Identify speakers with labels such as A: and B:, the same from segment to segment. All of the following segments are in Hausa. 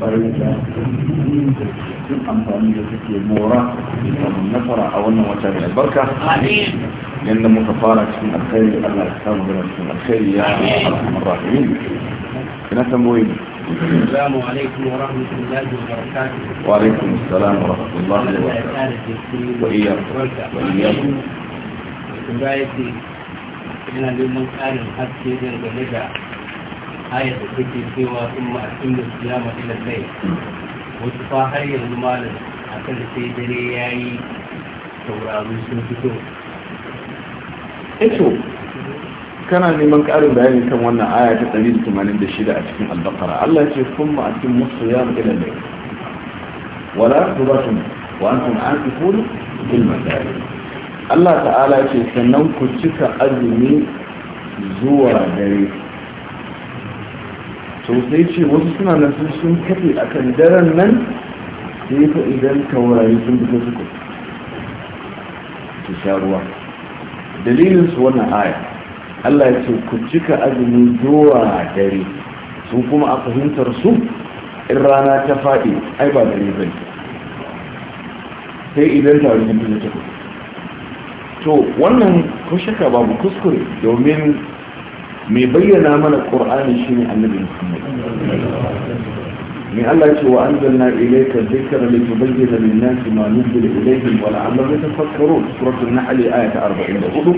A: ƙwarar da duk amfani da suke mora samun nasara a wannan wata da albarka yadda muka fara cikin alkhairi allah ya samu gana cikin alkhairi ya alhamar rahimin ina tamboyi السلام عليكم ورحمة الله وبركاته وعليكم السلام ورحمة الله وبركاته وإياكم وإياكم وإياكم إلى اليوم الآن حتى ayar da take cewa in ma akin da siyama ila kai wasu fa har yanzu malam akan sai dare yayi taurari sun fito eto kana neman ƙarin bayani kan wannan aya ta 186 a cikin al-baqara Allah ya ce kun ma akin musiyam ila kai wala tubatun wa antum aqifun bil masajid Allah ta'ala ce sannan ku cika azumi zuwa dare Sosai sai ce wasu suna nan sun sun kafe a kan daren nan sai fa idan taurari sun fito suku su sha ruwa dalilin su wannan aya Allah ya ce ku cika azumi zuwa dare sun kuma a fahimtar su in rana ta faɗi ai ba dare bane sai idan taurari sun fito suku to wannan ko shaka babu kuskure domin mai bayyana mana qur'ani shine annabi
B: muhammad
A: من الله يقول وأنزلنا إليك الذكر لتبين للناس ما نزل إليهم ولعلهم يتفكرون سورة النحل آية 44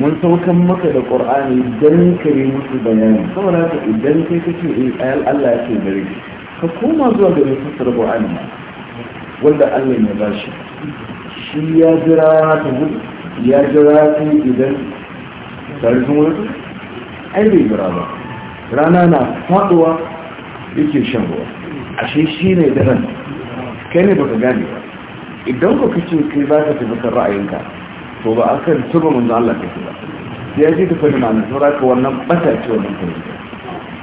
A: mun saukan maka da ƙur'ani don ka yi musu bayani saboda haka idan kai ka ce eh, ayal Allah ya ce gare ka koma zuwa ga mai fassara ƙur'ani wanda Allah ya ba
B: shi
A: ya jira ta gudu ya jira ta idan wani ai bai jira ba rana na faɗuwa yake shan ruwa ashe shi ne daren kai ne baka gane ba idan ka kace kai za ka tafi bakar ra'ayinka to ba a kan tuba da Allah kake ba ya ji ka fahimta na saura ka wannan bata ce wannan kai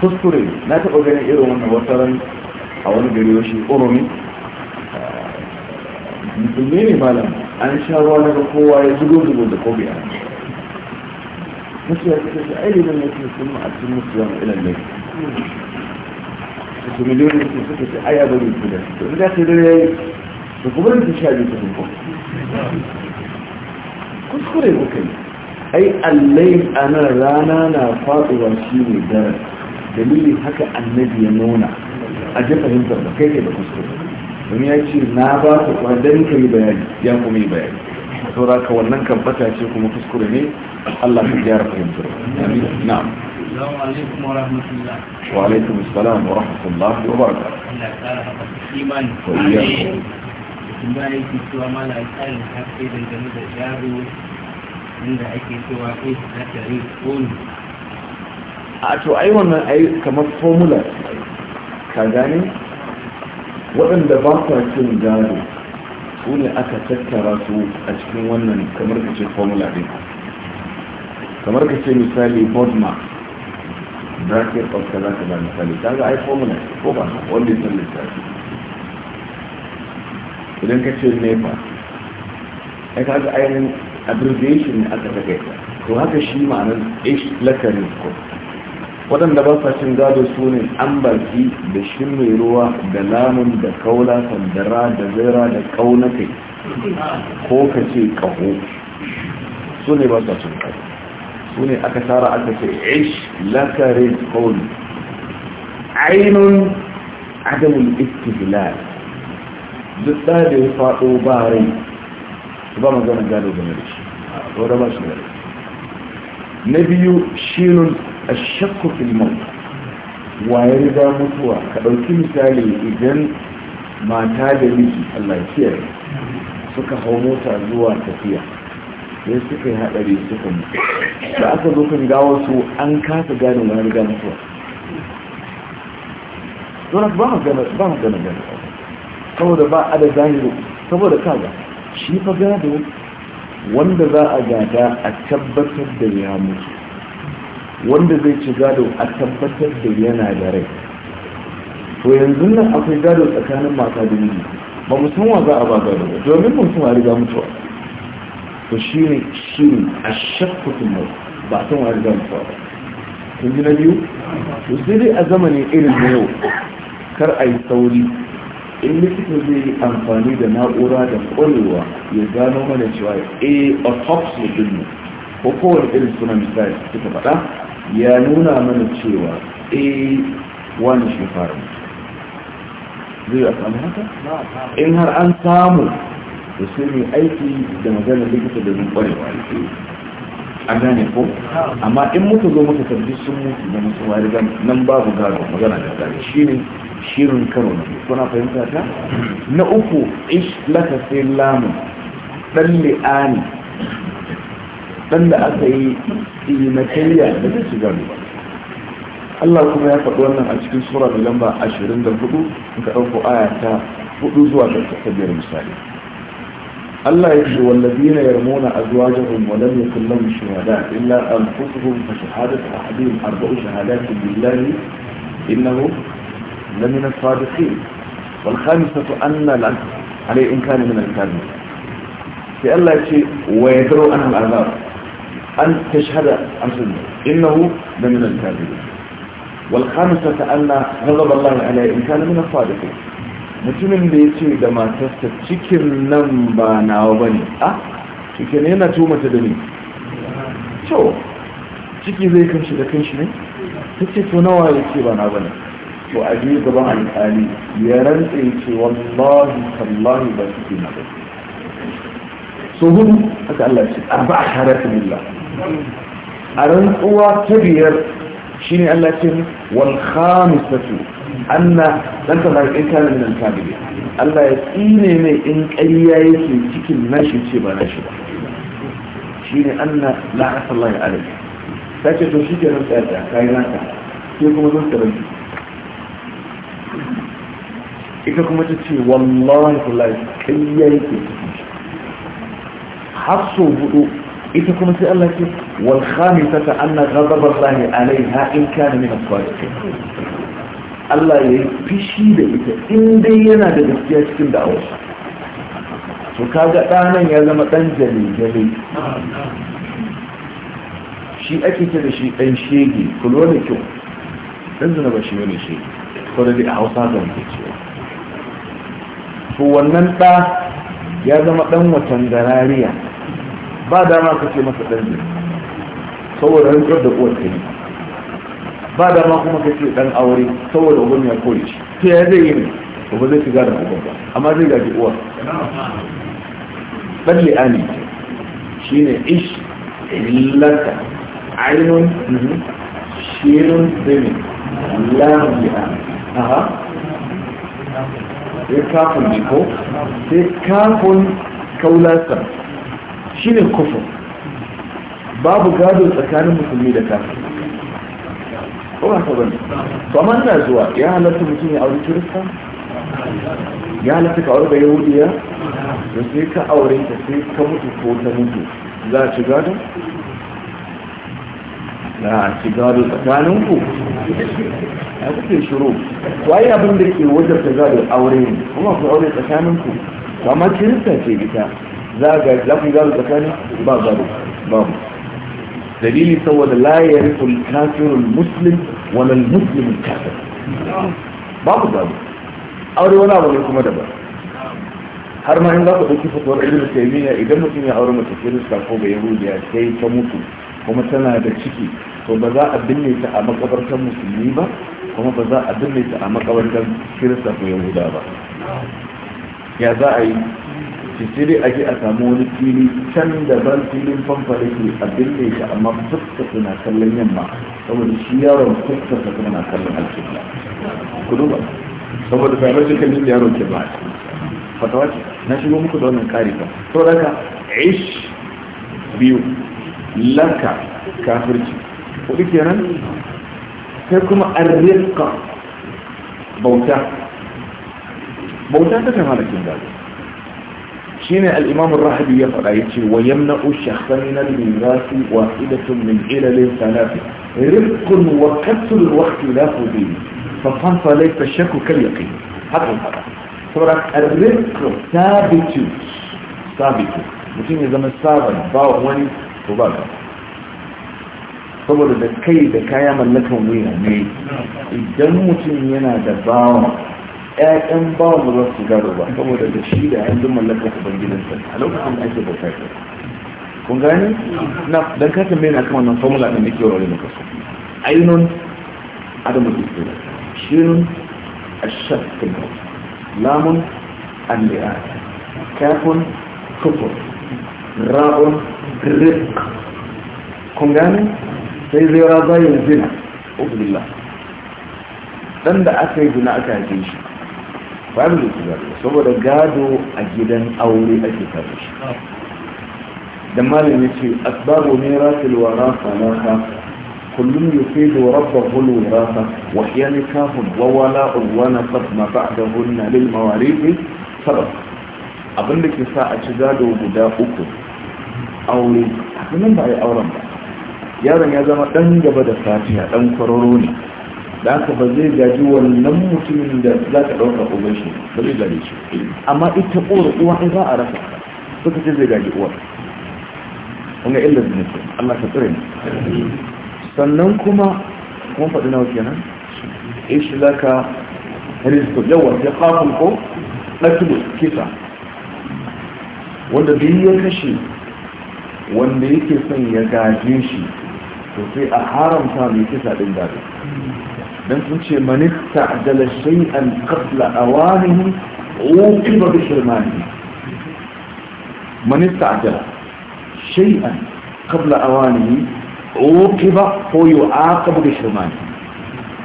A: kuskure na taɓa ganin irin wannan wataran a wani gari washi oromi musulmi ne malam an sha ruwa na kowa ya zugo zugo da kobi a فشيء أي من يجلس المعد إلى الليل ce bari da su da kuma kuskure ai allai a nan rana na faɗuwa shi mai daren dalilin haka annabi ya nuna a ji fahimtar da kai da kuskure domin ya ce na ba ku ka yi bayani ya kuma yi bayani saura ka wannan kan ce kuma kuskure ne Allah ka gyara fahimtar na'am wa alaikum wa rahmatullahi wa baraka. Allah ya kara bayan cewa haske dangane da inda ake cewa kai na tare a to ai wannan ai kamar formula ka gane waɗanda ba sa cin gado su ne aka tattara su a cikin wannan kamar ka ce formula din kamar ka ce misali bodma bracket of kaza kaza misali ta ga ai formula ko ba wanda ya san lissafi idan ka ce nepa ai ka ga ainihin abbreviation ne aka ta gaita to haka shi ma'anar h lakarin ko waɗanda ba sa cin gado su ne an baki da shi mai ruwa da namun da kaula sandara da zaira da kaunakai ko ka ce kaho su ne ba sa cin gado su ne aka tara aka ce ish lakarin kauli ainun adamun istihlal duk da ya faɗo ba rai ba magana gado game da shi wadda ba shi gado na biyu shinun a shakku filmon waye riga mutuwa ka ɗauki misali idan mata da miji allah suka hau mota zuwa tafiya sai suka yi haɗari suka da aka zo kan gawa su an kasa gane wani riga mutuwa don ba gana gana gana saboda ba a da saboda kaga shi fa gado wanda za a gada a tabbatar da ya mutu wanda zai ci gado a tabbatar da yana da rai to yanzu nan akwai gado tsakanin mata da miji ba mu san wa za a ba gado ba domin mun san riga mutuwa to shi ne a shakkutul mai ba san wa ga mutuwa ba kun ji na biyu to sai dai a zamanin irin na yau kar a yi sauri in likita zai yi amfani da na'ura da kwarewa ya gano mana cewa a eh, autopsy din ko kowane irin suna misali suka faɗa ya nuna mana cewa eh wani shi fara zai a samu haka in har an samu da su ne aiki da maganar likita da zan kwarewa a gane ko amma in muka zo muka tarbi sun mutu da musu wari nan babu gano magana da gane shi ne shirin karo na kuna fahimta ta na uku ish laka sai lamun dan li'ani dan da aka yi ilimatariya da ta shiga ba Allah kuma ya faɗi wannan a cikin sura da lamba 24 ka ɗauko aya ta 4 zuwa ta biyar misali Allah ya ce wallazina yarmuna azwajahum wa lam yakul lahum shuhada illa anfusuhum fa shahadatu ahadihim arba'u shahadatin billahi innahu لمن الصادقين in أن العزم عليه إن كان من الكاذبين ce الله شيء ويدروا عنه azab? أن تشهد عن سنة إنه لمن الكاذبين والخامسة أن غضب الله عليه إن كان من الصادقين mutumin da ya ce da matarsa cikin nan ba nawa ba ne a cikin yana tumata da ni to ciki zai kanshi da kanshi ne ta ce to nawa ya ce ba na ba ne to a biyu gaban alƙali ya rantsa ya ce wallahi tallahi ba ciki na ba so hudu haka Allah ce a a ba arba'a ta Allah الرنقوة كبير شيني التي والخامسة أن أنت لا إنكار من الكاملين ألا يسيني من إنك أيائك يجيك الناشي تيبا ناشي شيني أن لا عسى الله عليك فاكي تشيك أنت أرجع كايناتا كيفكم أدوك تبنجي إكاكم أتتي والله الله أيائك يجيك حصوا بقوك إتكم سألك والخامسة أن غضب الله عليها إن كان من الصالحين الله يبشي بيته إن دينا دي بسياج كن دعوش فكاد أنا يا لما تنجلي جلي شيء أكيد هذا شيء أن شيء كل ولا كم تنزل بشيء ولا شيء كل اللي أعصابه من كذي هو النبأ يا لما تنجلي ba dama kace masa dan jini saboda rantsar da uwar ta yi ba dama kuma kace dan aure saboda uban ya kore shi to ya zai yi ne ba zai shiga da uban ba amma zai gaji uwar dan li'ani shi ne ish illata ainun mhm, shirin zini lamun li'ani aha sai kafin jiko sai kafin kaulasar shine kufur babu gado tsakanin musulmi da kafin Kuma ba ka bane to amma ina zuwa ya halatta mutum ya auri kirista ya halatta ka aure da yahudiya da sai ka aure ta sai ka mutu ko ta mutu za a ci gado na a ci gado tsakanin ku ya kuke shiru to abin da ke wajen ta gado aure ne kuma ku aure tsakanin ku amma kirista ce gita. za ga za ku gado tsakani ba gado ba mu dalili saboda la yarithu al-kafiru al-muslim wa al-muslim kafir ba mu gado aure wani abu ne kuma daban har ma in za ku ɗauki fitowar ibn taymiya idan mutum ya aure mace kirista ko bai yahudiya sai ta mutu kuma tana da ciki to ba za a binne ta a makabartar musulmi ba kuma ba za a binne ta a makabartar kirista ko yahuda ba ya za a yi ce sai dai a samu wani fili can daban filin famfa da ke a binne shi amma fuska suna kallon yamma saboda shi yaron fuska suna kallon alkiyar ku duba saboda bai shi kallon yaron ke ba fatawa ce na shigo muku da wannan kari ba to daga ish biyu laka, kafirci kuɗi kenan sai kuma arrika bauta bauta ta kama da kin gado شين الإمام الراهبي يقول يتي ويمنع الشخص من الميراث واحدة من علل ثلاثة رفق وكسر واختلاف دين فصنف ليس الشك كاليقين هذا هو هذا ترى الرفق ثابت ثابت مثل إذا ما استاذن باو هوني وبابا طبعا إذا كي ذكايا من لكم وينا ميت إذا مثل ينا دباو ƴaƴan ba ba za su gano ba saboda da shi da an duk mallakar sa a lokacin da ake bukata kun gane na dan ka tambaye na kan wannan formula din da ke wani maka so ainun adamu isra shinun ashaq kin lamun al-li'an kafun kufur ra'un rik kun gane sai zai razayin zina ubillah dan da aka yi zina aka yi shi family tijariya saboda gado a gidan aure ake kafa shi da malami ce asbabu mirasil wara salata kullum yufidu rabbahu al-wirasa wa hiya nikahun wa wala'un wa nasab ma ba'dahunna lil mawarith sabab abinda ke sa a ci gado guda uku aure abin ba ya auren ba yaron ya zama dan gaba da fatiha dan kwararo ne da haka ba zai gaji wannan mutumin da za ka ɗauka uban shi ba zai gaji shi amma ita ƙora uwa in za a rasa suka ce zai gaji uwa kuma illar da nake Allah ka tsire sannan kuma kuma faɗi nawa kenan ishi za ka rizku yawa ya kafin ko ɗakilu kisa wanda biyu ya kashe wanda yake son ya gaje shi to sai a haramta mai kisa ɗin gado ننكنش من استعدل شيئا قبل أوانه عوقب بحرمانه من استعدل شيئا قبل أوانه عوقب ويعاقب بحرمانه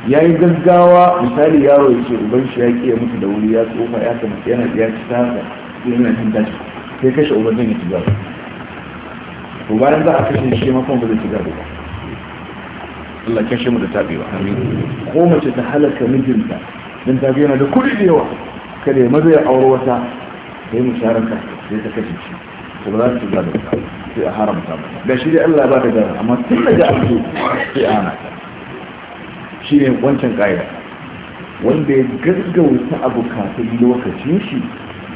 A: يا إذن قاوة مثال يا روي شيء وبن شيئك يا متدوليات وما يأتي مكيانا يا كتابة لأن الهندات كيف يشعر بني تجارب وبعد ذلك أكشن الشيء ما فهم بني تجارب Allah kashe mu da tabewa ko mace ta halaka mijinta dan ta yana da kuɗi da yawa kada ya mazaya aure wata sai musharaka sai ta kashe shi to ba za su gada ta sai a haramta ba. ga shi dai Allah ba ta gada amma tun da ga abu sai a ta shi ne wancan ka'ida wanda ya gaggauta abu kafin lokacin shi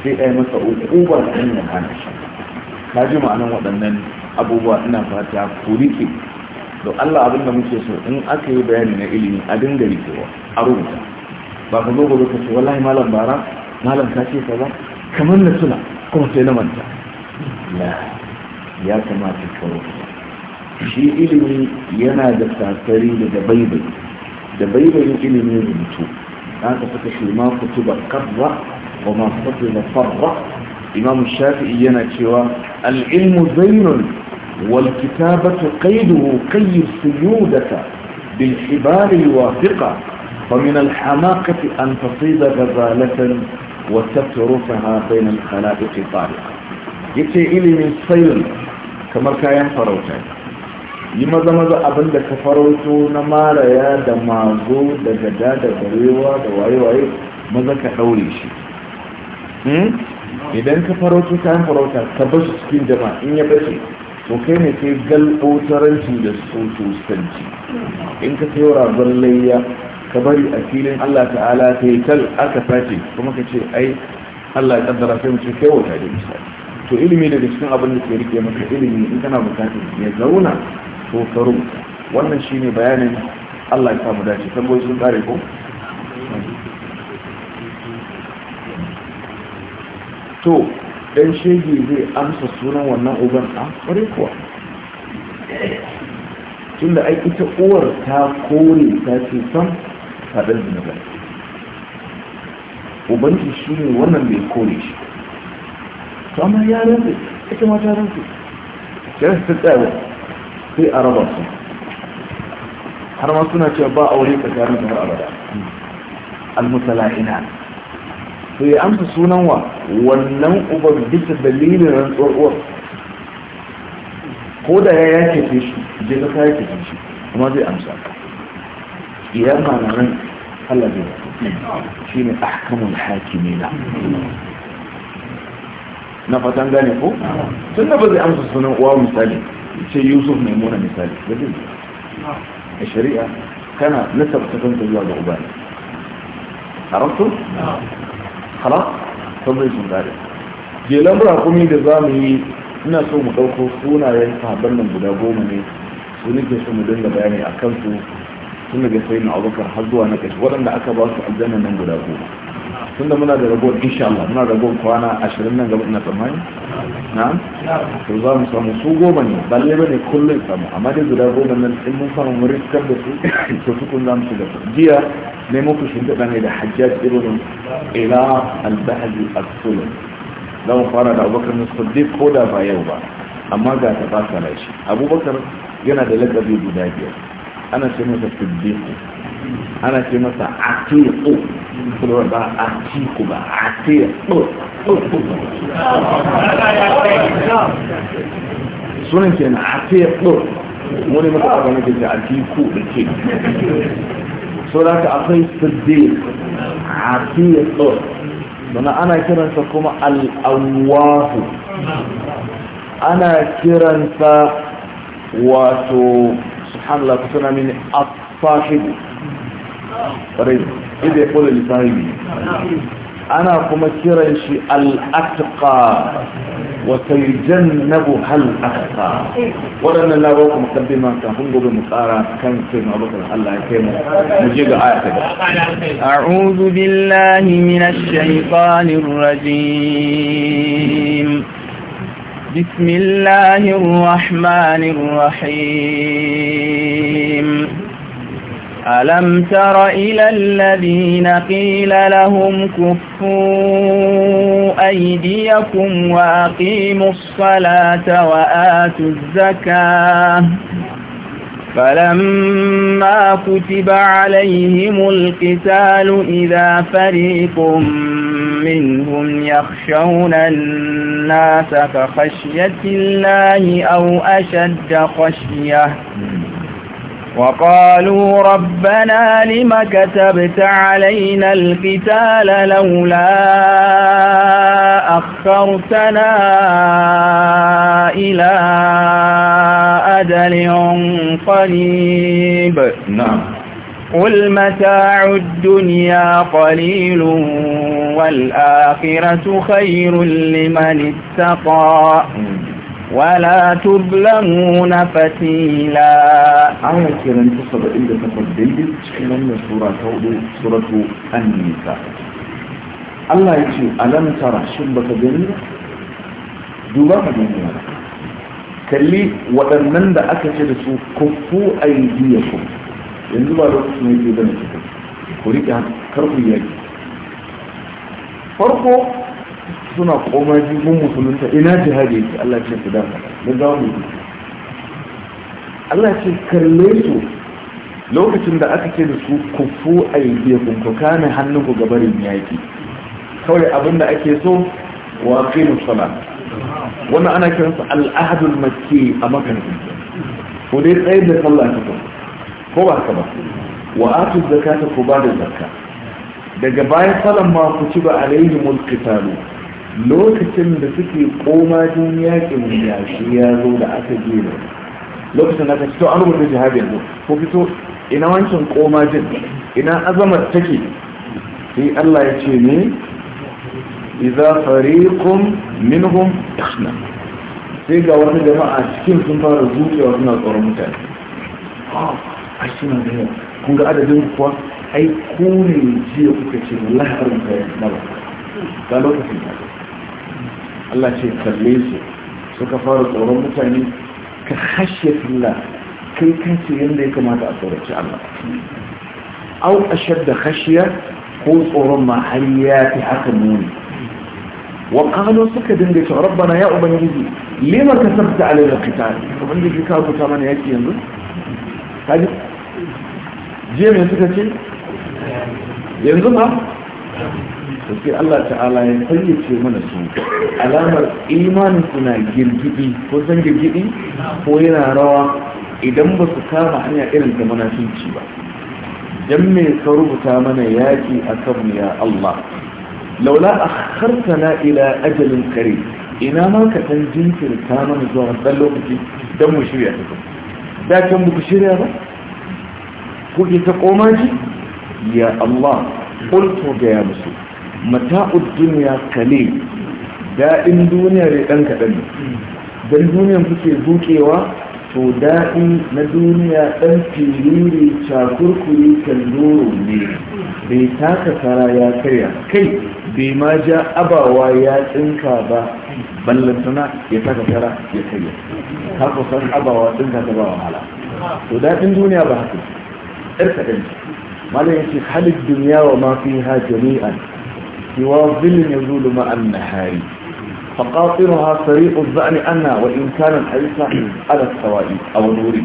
A: sai a yi masa ukuba ta hanyar hana shi ka ji ma'anar waɗannan abubuwa ina fata ku rike don Allah abin da muke so in aka yi bayani na ilimi a dinga rikewa a rubuta ba ka zo gobe ka ce wallahi malam bara malam ka ce kaza kamar na suna kuma sai na manta ya kamata ka rubuta shi ilimi yana da tasiri da dabaibai dabaibai ilimi rubutu haka saka shi ma kutuba kabba wa ma fadla farra imam shafi'i yana cewa al-ilmu zainun والكتابة قيده قيد سيودة بالحبال الواثقة فمن الحماقة أن تصيد غزالة وتتركها بين الخلائق طارقة يتي إلي من سيل كما كان فروتين يما زمز أبن دك فروتو نمارا يا دماغو دجداد دريوة دوائي وائي مزك أوليشي إذا كفروتو كان فروتا تبس سكين جماع إن يبسي to kai ne kai galbotaranci da tsotostanci in ka sayo ragon layya ka bari a filin allah ta'ala ta yi kal aka sace kuma ka ce ai allah ya kaddara sai mace kai wata da to ilimi daga cikin abin da ke rike maka ilimi in kana bukatar ya zauna to ka rubuta wannan shine bayanin allah ya samu dace tambayi sun kare ko to dan shege zai amsa sunan wannan uban a ah, kware kuwa tun da ta uwar ta kore ta ce san faɗar zunubai ubanci shi ne wannan bai kore shi to amma ya rantsu ita ma ta rantsu ya ta tsaye sai a raba su har ma suna cewa ba aure tsakanin har abada al-musala'ina to ya amsa sunan wa wannan uban bisa dalilin rantsuwar uwar ko da ya yake ce shi je ka kaya ke shi kuma zai amsa idan ma na nan Allah zai shi ne ahkamul hakimina na fatan gane ko tun da ba zai amsa sunan uwa misali ce yusuf mai muna misali ba zai a shari'a kana nasabta kanta zuwa ga uba ne
B: a
A: halas sun gare jelan burakumi da za mu yi ina so mu ɗauko sunayen sahabban nan guda goma ne su nake so mu dinga bayani a kansu tun daga sai na abubakar har na kashi waɗanda aka ba su aljanna nan guda goma tunda muna da ragowar insha Allah muna da ragowar kwana ashirin nan gaba ina tsammani na to za mu samu su goma ne ba lebe ne kullum samu amma dai guda goma nan in mun samu mu riskar da su to su kun za mu shiga jiya ne ku shimfiɗa ne da hajjaj ibn ila al bahd al sulam za mu fara da abubakar dai ko da ba yau ba amma ga ta fasa na shi abubakar yana da lakabi guda biyar ana ce masa siddiqu ana ce masa atiqu kuma ba atiqu ba atiqu sunan ke na ɗor wani mutaka wani ke ce ku da ke saboda akwai siddiq atiq mana ana kiransa kuma al'awwahu ana kiransa wato su subhanallah ku suna mini afahibu ƙwarai idan ya kula lissahibi أنا كما كرنشي الأتقى وسيجنبها الأتقى ولن الله روك مقدمة كنقوم بمقارا كان سيدنا أبو بكر الله يكيمه مجيب آية
C: أعوذ بالله من الشيطان الرجيم بسم الله الرحمن الرحيم ألم تر إلى الذين قيل لهم كفوا أيديكم وأقيموا الصلاة وآتوا الزكاة فلما كتب عليهم القتال إذا فريق منهم يخشون الناس كخشية الله أو أشد خشية وقالوا ربنا لم كتبت علينا القتال لولا أخرتنا إلى أدل قريب نعم قل متاع الدنيا قليل والآخرة خير لمن اتقى wala tublamuna fatila an
A: kiran ta saba'in da takwas daidai cikin wannan sura ta Allah ya ce alam tara shin baka gani ba duba ka gani kalli waɗannan da aka ce da su kufu aidiyaku yanzu ba yaki farko suna koma jibin musulunta ina jihadi yake Allah ce su dama da za mu Allah ce kalle su lokacin da aka ce da su ku fu a ya ku kame hannun ku gabarin yaƙi kawai abin da ake so wa aqimu sala Wani ana kiransa al-ahdul makki a makan Ku dai tsayin da sallah ta ko ba ka ba wa atu zakata ku ba da zakka daga bayan salan ma ku ci ba alaihi mulkitalu lokacin da suke koma jin yakin shi ya zo da aka je da lokacin da aka fito an rubuta jihadi yanzu ko fito ina wancan jin? ina azamar take sai Allah ya ce ne idza fariqum minhum yakhna sai ga wani jama'a cikin sun fara zuciya suna tsoron mutane a ah, suna da yawa kun ga adadin kuwa ai ku ne jiya kuka ce wallahi arin kayan na ba ga lokacin da Allah ce kalle su suka fara tsoron mutane ka hashe Allah kai kansu yadda ya kamata a tsoraci Allah au a da hashiya ko tsoron ma har ya fi haka muni wa qalu suka dinga cewa rabbana ya ubangiji lima kasabta alaina qital ubangiji ka kuta mana yaki yanzu kaji jiya mai suka ce yanzu ma to sai Allah ta'ala ya fayyace mana su alamar imanin suna girgidi ko san girgidi ko yana rawa idan ba su kama hanya irin ta munafinci ba dan me ka rubuta mana yaƙi akan mu ya Allah laula akhartana ila ajalin kare ina ma ka san jinkirta mana zuwa dan lokaci dan mu shirya ta da kan mu shirya ba ku ta koma ya Allah qultu ga ya musu mata'ud duniya kale daɗin duniya da ɗan kaɗan don duniyan kuke dukewa to daɗi na duniya ɗan firiri cakurkuri kalloro ne bai taka kara ya karya kai bai ma ja abawa ya tsinka ba ballantana ya taka kara ya karya ta kusan abawa tsinka ta ba wahala to daɗin duniya ba haka ɗar kaɗan malam yake halin duniya wa mafi ha jami'an سوى ظل يزول مع النهار فقاطرها طريق الزعل أنا وإن كان الحديث على السواء أو نوري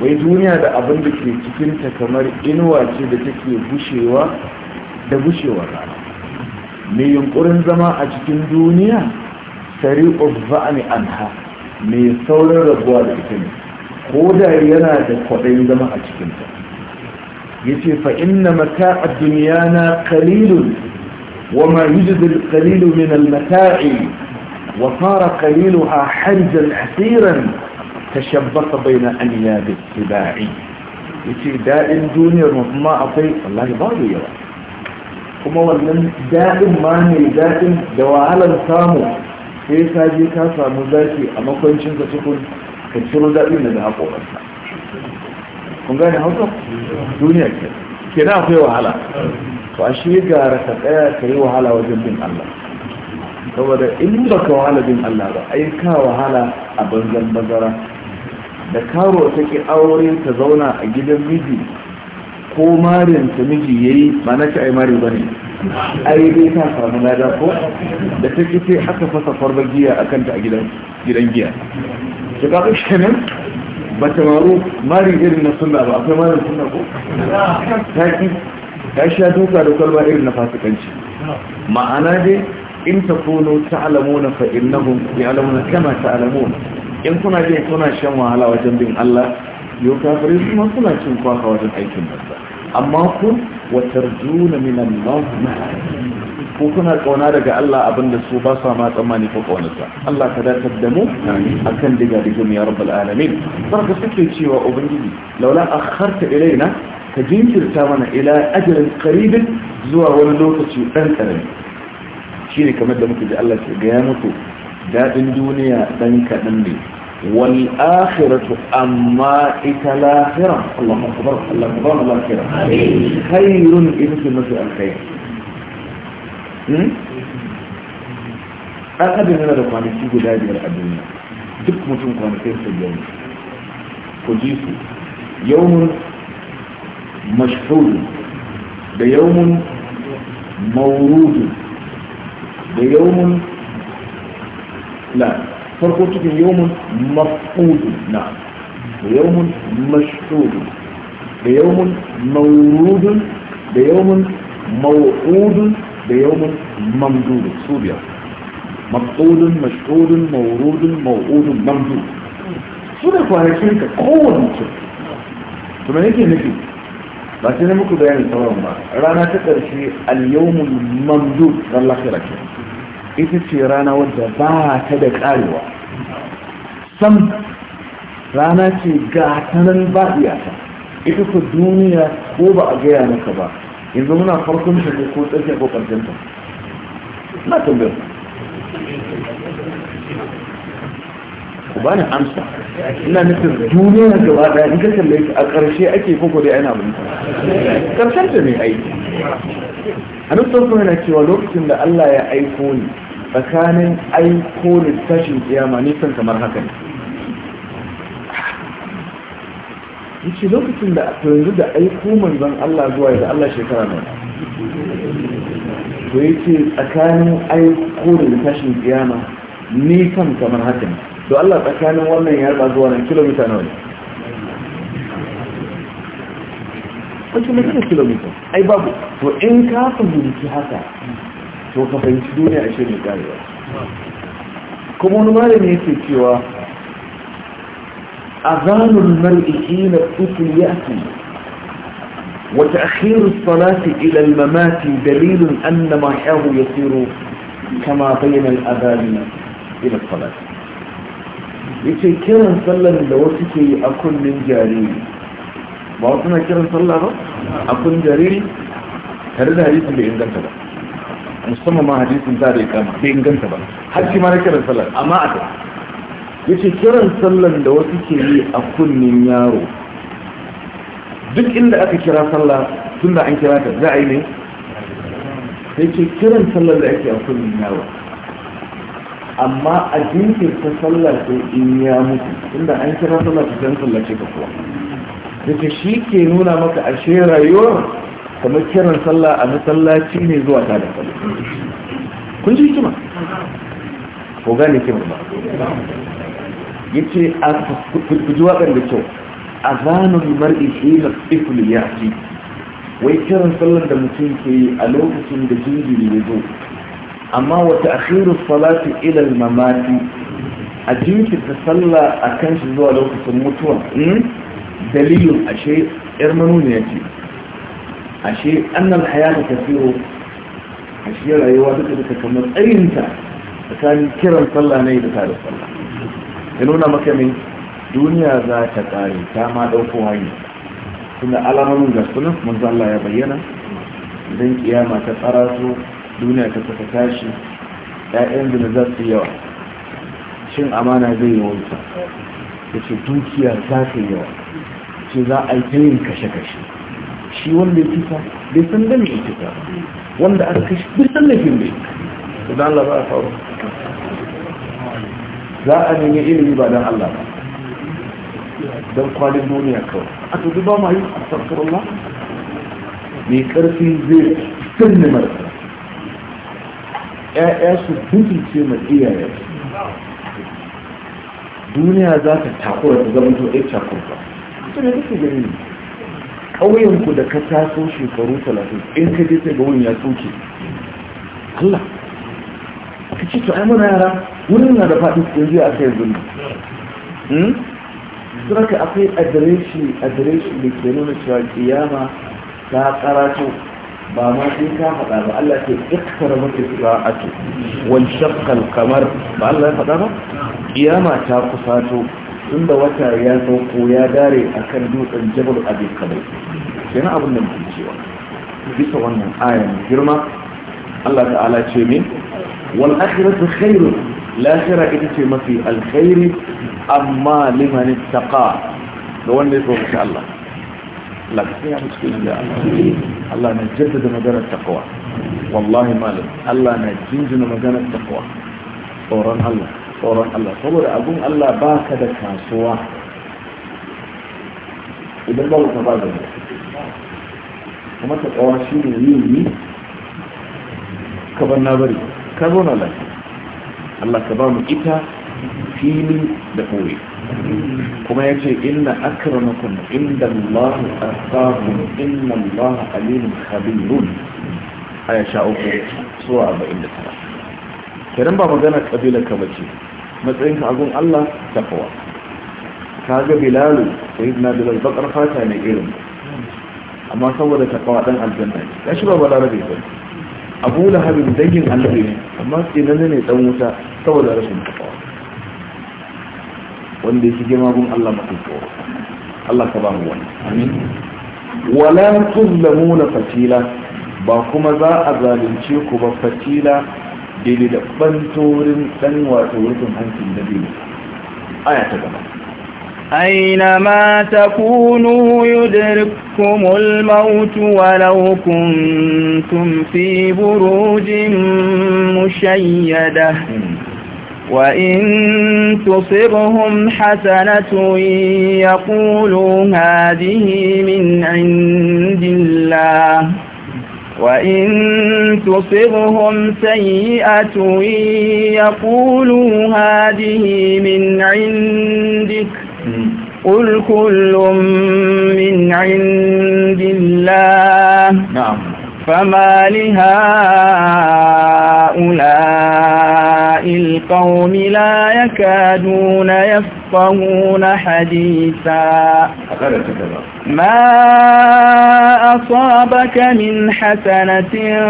A: wai duniya da abin da ke cikinta kamar inuwa ce da take bushewa da bushewar rana mai yunƙurin zama a cikin duniya sari'ul za'ani anha mai saurin rabuwa da ita ne ko da yana da kwaɗayin zama a cikinta ya ce fa inna mata a duniya na kalilun وما يجد القليل من المتاع وصار قليلها حرجا حسيرا تشبط بين أنياب السباع يتي دائم جونيور وما أطيب الله يبالي يرى كما ولن دائم ماني دائم دوالا سامو كيف هذه كاسا مزاكي أما كون شنك تقول كتشل دائم لنا أبو أسا كون غاني هوتا دونيا كنا فيه وعلا ba shi gara ka tsaya ka yi wahala wajen bin Allah saboda in ba ka wahala bin Allah ba ai ka wahala a banzan bazara da karo ta ki aure ta zauna a gidan miji ko marin ta miji yayi ba na ci ai mari bane ai dai ta samu lada ko da ta ki sai aka fasa farba giya akan ta a gidan gidan giya to ka kenan ba ta maro mari irin na sunna ba akwai marin sunna ko ta ki ya sha duka da kwalba irin na fasikanci ma'ana dai in ta kuno ta'alamuna fa ya ya'lamuna kama ta'alamuna in kuna jin kuna shan wahala wajen bin Allah yau kafirai su ma suna cin kwakwa wajen aikin nasa amma ku wa minan min na? ko kuna kauna daga Allah abinda su ba sa ma tsammani ko kaunarsa Allah ka dace da mu kan diga diga ya rabbul alamin barka suke cewa ubangiji laula akharta ilaina ka jinkirta mana ila ajalin karibin zuwa wani lokaci ɗan ƙarami shi ne kamar da muka ji Allah ke gaya muku daɗin duniya ɗan kaɗan ne Wani akhiratu amma ita lahira Allah akbar Allah akbar Allah akbar khairun ita ce mafi alkhair hmm? an adam yana da kwanaki guda biyar a duniya duk mutum kwanakin sa biyar ku ji su yawmun mashhur da yawmun mawrudu da yawmun la farko cikin yawmun da yawmun mashhur da yawmun mawrudun da yawmun mawudun da yawmun mamdudu su biyar mafudun mashhurun mawrudun mawudun mamdudu su da ka kuma ba sai muku bayani sauran ba rana ta ƙarshe al-yawmul mamdud ran lahira ke ita ce rana wadda ba ta da ƙarewa sam rana ce ga ta nan ba iyaka ita ku duniya ko ba a gaya maka ba yanzu muna farkon ta ko tsakiya ko ƙarshen ta na tambayar ku bani amsa ina nufin duniya na gaba daya in ka a ƙarshe ake koko da yana bunta. karshen ta mai aiki annabi sallallahu yana cewa lokacin da Allah ya aiko ni tsakanin aiko ni tashin kiyama nisan kamar haka ne yace lokacin da to yanzu da aiko manzon Allah zuwa da Allah shekara nawa to yace tsakanin aiko da tashin kiyama nisan kamar haka ne to Allah tsakanin wannan yarba zuwa nan kilomita nawa ne kwanci na kira kilomita ai babu to in ka fahimci haka to ka fahimci duniya a shirin karewa kuma wani malami yake cewa azanul mar'i hina tsufi yaki وتأخير الصلاة إلى الممات دليل أن محاه يصير كما بين الأذان إلى الصلاة yace kiran sallar da wasu ke yi a kunnin jariri ba wasu na kiran sallar ba a kunnin jariri tare da hadisun bai inganta ba musamman ma hadisun za da kama. bai inganta ba har shi ma na kiran sallar amma a kai yace kiran sallar da wasu ke yi a kunnin yaro duk inda aka kira sallah tun da an kira ta za a yi ne sai ce kiran sallar da ake a kunnin yaro amma a jinkirta sallah sai in ya mutu inda an kira sallah ta san ga ce ka kuwa yace shi ke nuna maka ashe rayuwar kamar kiran sallah a masallaci ne zuwa ta da sallah kun ji hikima ko gane hikima ba yace a kuji waƙar da kyau azanul mar'i hina ya ci. wai kiran sallar da mutum ke yi a lokacin da jinjiri ya zo amma wata akhiru salatu ila mamati a jinkirta sallah a kan shi zuwa lokacin mutuwa hmm? dalilin ashe yar manuniya ce ashe annan hayata tafiyo ashe rayuwa duka duka kamar tsayinta tsakanin kiran sallah ne da tare sallah ya nuna maka mai duniya za ta kare ta ma ɗauko hanyar suna alamomin ga sunan manzo Allah ya bayyana idan kiyama ta tsara su duniya ta tafi tashi ‘ya'yan zina za su yawa Shin amana zai yi wauta da ce dukiya za ta yawa ce za a yi ta yin kashe-kashe shi wanda ya kisa bai san da mai kisa wanda aka kashe bai san laifin bai idan Allah ba a faru za a nemi ilimi ba don Allah ba don kwalin duniya kawai a tuzu ba ma yi a sarkarwa mai karfi zai sun ne marasa 'ya'ya su ce ma iyayen duniya za ta takura da zama to ita ba ita ne take gani ne ƙauyenku da ka taso shekaru talatin in ka je sai ga wani ya tsoke Allah ka ce to ai muna yara wurin na da faɗi yanzu a kai zunna suna hmm? ka akwai adireshi adireshi da ke nuna cewa kiyama ta karato ba ma sai ka faɗa ba Allah ce ikkar mace sa'atu wal shaqqal kamar ba Allah ya faɗa ba kiyama ta kusato tunda wata ya sauko ya dare akan dutsen jabal abi Sai na abin da muke cewa bisa wannan ayan girma Allah ta'ala ce min wal akhiratu khairun lahira ita ce mafi alkhairi amma liman ittaqa ga wanda ya tsoka Allah Allah ka sanya cikin da Allah na jaddada maganar taqwa wallahi malam Allah na jinjina maganar taqwa tsoron Allah tsoron Allah saboda abun Allah ba ka da kasuwa idan ba ka ba da kuma taqwa shine yi ni ka ban na bari ka zo na lafiya Allah ka ba mu ita fili da ɓoye kuma ya ce inna akramakum inda Allah asakum inna Allah alimun a aya sha uku zuwa arba'in da tara kenan ba magana kabilar ka bace matsayinka agun Allah takawa ka ga bilalu sai na bilal bakar fata ne irin amma saboda takawa dan aljanna ne ya shi ba balarabe ba abu lahabin dangin annabi amma tsinanin ne dan wuta saboda rashin takawa wanda yake girma gun Allah mafi tsoro Allah ka ba mu wani amin wala tuzlamuna fatila ba kuma za a zalunce ku ba fatila daidai da bantorin dan wato rufin hankin da biyu
C: aya ta gaba أينما تكونوا يدرككم الموت ولو كنتم في بروج مشيدة وإن تصبهم حسنة يقولوا هذه من عند الله وإن تصبهم سيئة يقولوا هذه من عندك قل كل من عند الله نعم فما لهؤلاء القوم لا يكادون يفقهون حديثا ما أصابك من حسنة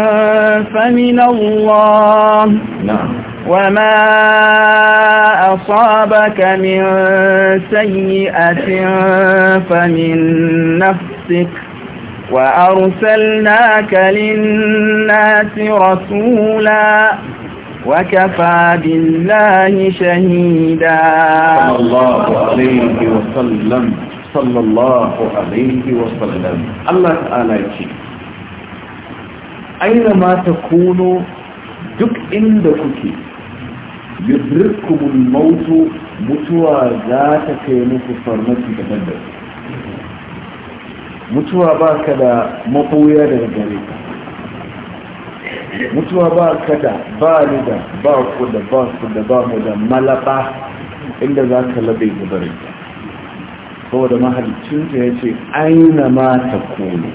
C: فمن الله نعم. وما أصابك من سيئة فمن نفسك وأرسلناك للناس رسولا وكفى بالله شهيدا صلى الله عليه
A: وسلم صلى الله عليه وسلم الله تعالى يقول
C: أينما تكون
A: دك إن دكك يدرككم الموت mutuwa za ta kai muku mutuwa ba ka da maɓoya daga gare ka mutuwa ba ka da ba ni da ba ku da ba ku da ba mu da malaba inda za ka labe gabarin ta saboda mahalicin ta ya ce aina ma ta kone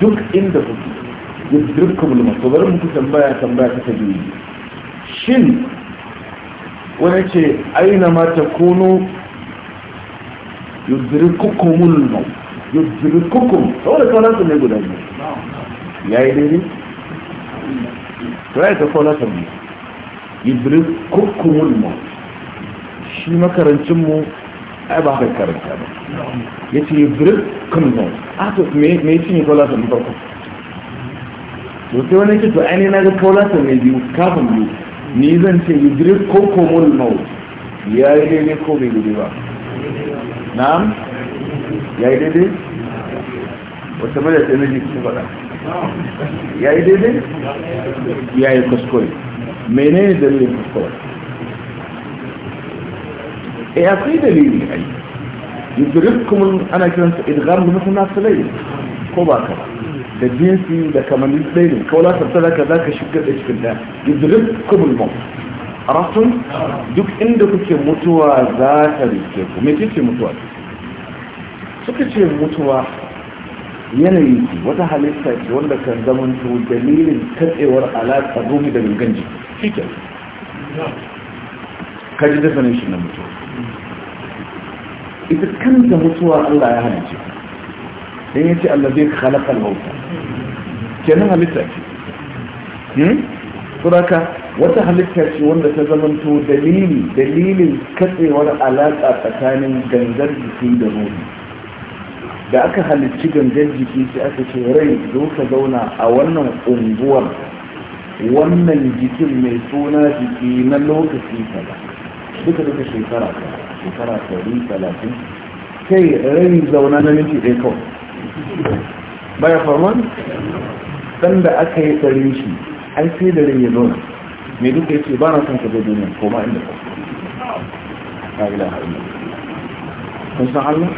A: duk inda kuke yadda masu bari muku tambaya tambaya ta ta shin wani ce aina ma ta kono yadda kukumul yujrukukum saboda su ne shi makarancin mu ai ba haka karanta ba a ah, to me su farko to sai wani ce to na ga su biyu kafin biyu ni zan ce yujrukukumul ya yi dai ko bai gudu ba
B: na'am ya yi daidai
A: wata mada tsaye na jikin faɗa ya yi daidai ya yi kuskure mene ne dalilin kuskure e akwai dalili ai yudrikkum ana kiransa idgham min munasilai ko ba ka da jinsi da kamannin tsayin kawai tattara ka za ka shigar da cikin da yudrikkum al-maut arafun duk inda kuke mutuwa za ta rike ku me ce mutuwa suka ce mutuwa yanayi wata halitta ce wanda kan zamanto dalilin katsewar alaƙar ruhi da gangan jiki shi ke kaji definition na mutuwa ita kanta mutuwa Allah ya halice ya yace Allah zai halakar mauta kenan halitta ce hmm suraka wata halitta ce wanda ta zamanto dalili dalilin katsewar alaƙa tsakanin gangar jiki da ruhi da aka halicci gangan jiki sai aka ce rai zo ka zauna a wannan unguwar wannan jikin mai suna jiki na lokaci kaza duka duka shekara ta shekara ɗari talatin kai rai zauna na minti ɗaya kawai baya faruwan dan da aka yi tsarin shi an sai da rai ya zauna Me duka ya ce ba na son ka zai duniya koma inda ka ta ila harin kun san Allah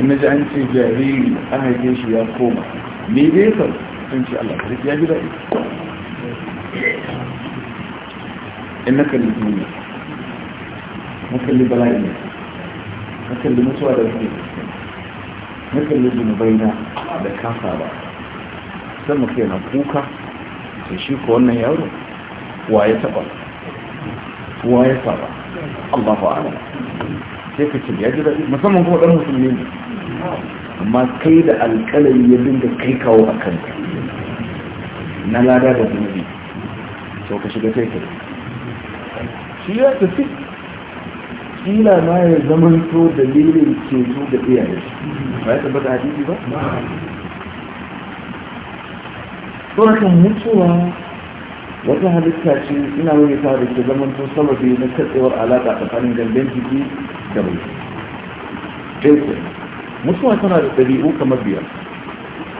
A: إنك أنت جاهل أهل جيش يرخوما ليه بيطل؟ إن شاء الله قلت يا جبائي إنك اللي تنمي إنك اللي بلائنا إنك اللي مسوعد فيه إنك اللي بنبينا بكافة سمع كينا بوكا تشيك وانا يورو وايتبا وايتبا الله أعلم كيف تشيك يا جبائي مسمى هو دمه في المينة. amma kai da alkalai ya dinga kai kawo a kanta. na lada da zunubi so ka shiga taikar shi ya tafi kila ma ya zama to dalilin ke zo da iyaye ba ya tabbata hadisi ba tsorakan mutuwa wata halitta ce ina wani ta da ke zama to sababi na katsewar alaƙa tsakanin gandun jiki da bai mutuwa tana da ɗabi'u kamar biyar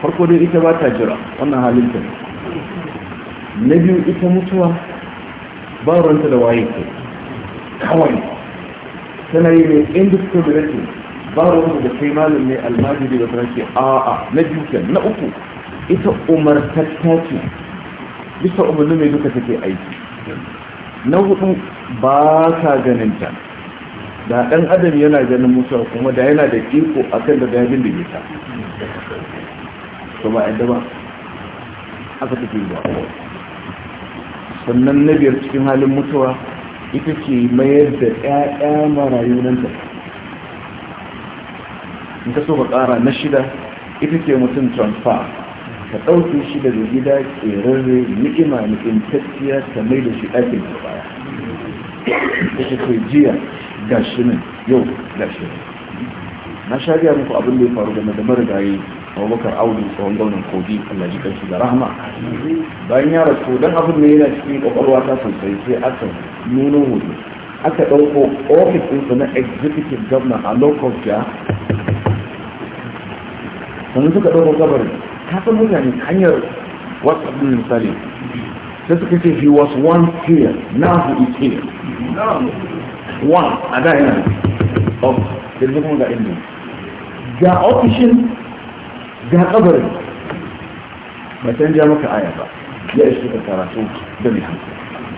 A: farko dai ita ba ta jira wannan halin ta na biyu ita mutuwa ba ranta da waye ke kawai tana yi mai indiscriminating ba ranta da kai malin ne almajiri da tana ce a'a na biyu ke na uku ita umartatta ce bisa umarni mai duka take aiki na hudu ba ta ganin ta da ɗan adam yana ganin mutuwa kuma da yana da iko kan da gabin da gita kuma ba ba aka take ba sannan na biyar cikin halin mutuwa ita ce mayar da ƴaƴa marayu nan ta in ka so ka ƙara na shida ita ce mutum transfer ka ɗauki shi da gida ƙerarre ni'ima ni'imtacciya ta mai da shi ɗakin da baya ita ce jiya ga shi nan yau ga shi na sha biya muku abin da ya faru game da marigayi abubakar audu tsohon gwamnan kogi allah ji kanshi da rahama bayan ya rasu don abin da yana cikin kwakwalwa ta sosai sai aka nuno hudu aka ɗauko ofis ɗinsa na executive governor a local ja sannan suka ɗauko gabarin ta san mutane hanyar whatsapp ɗin misali sai suka ce he was once here now he is here one a da yana oh, of yanzu kuma ga inda ga ofishin ga kabarin ba canja maka aya ba ya ishi ka karatu da mai hankali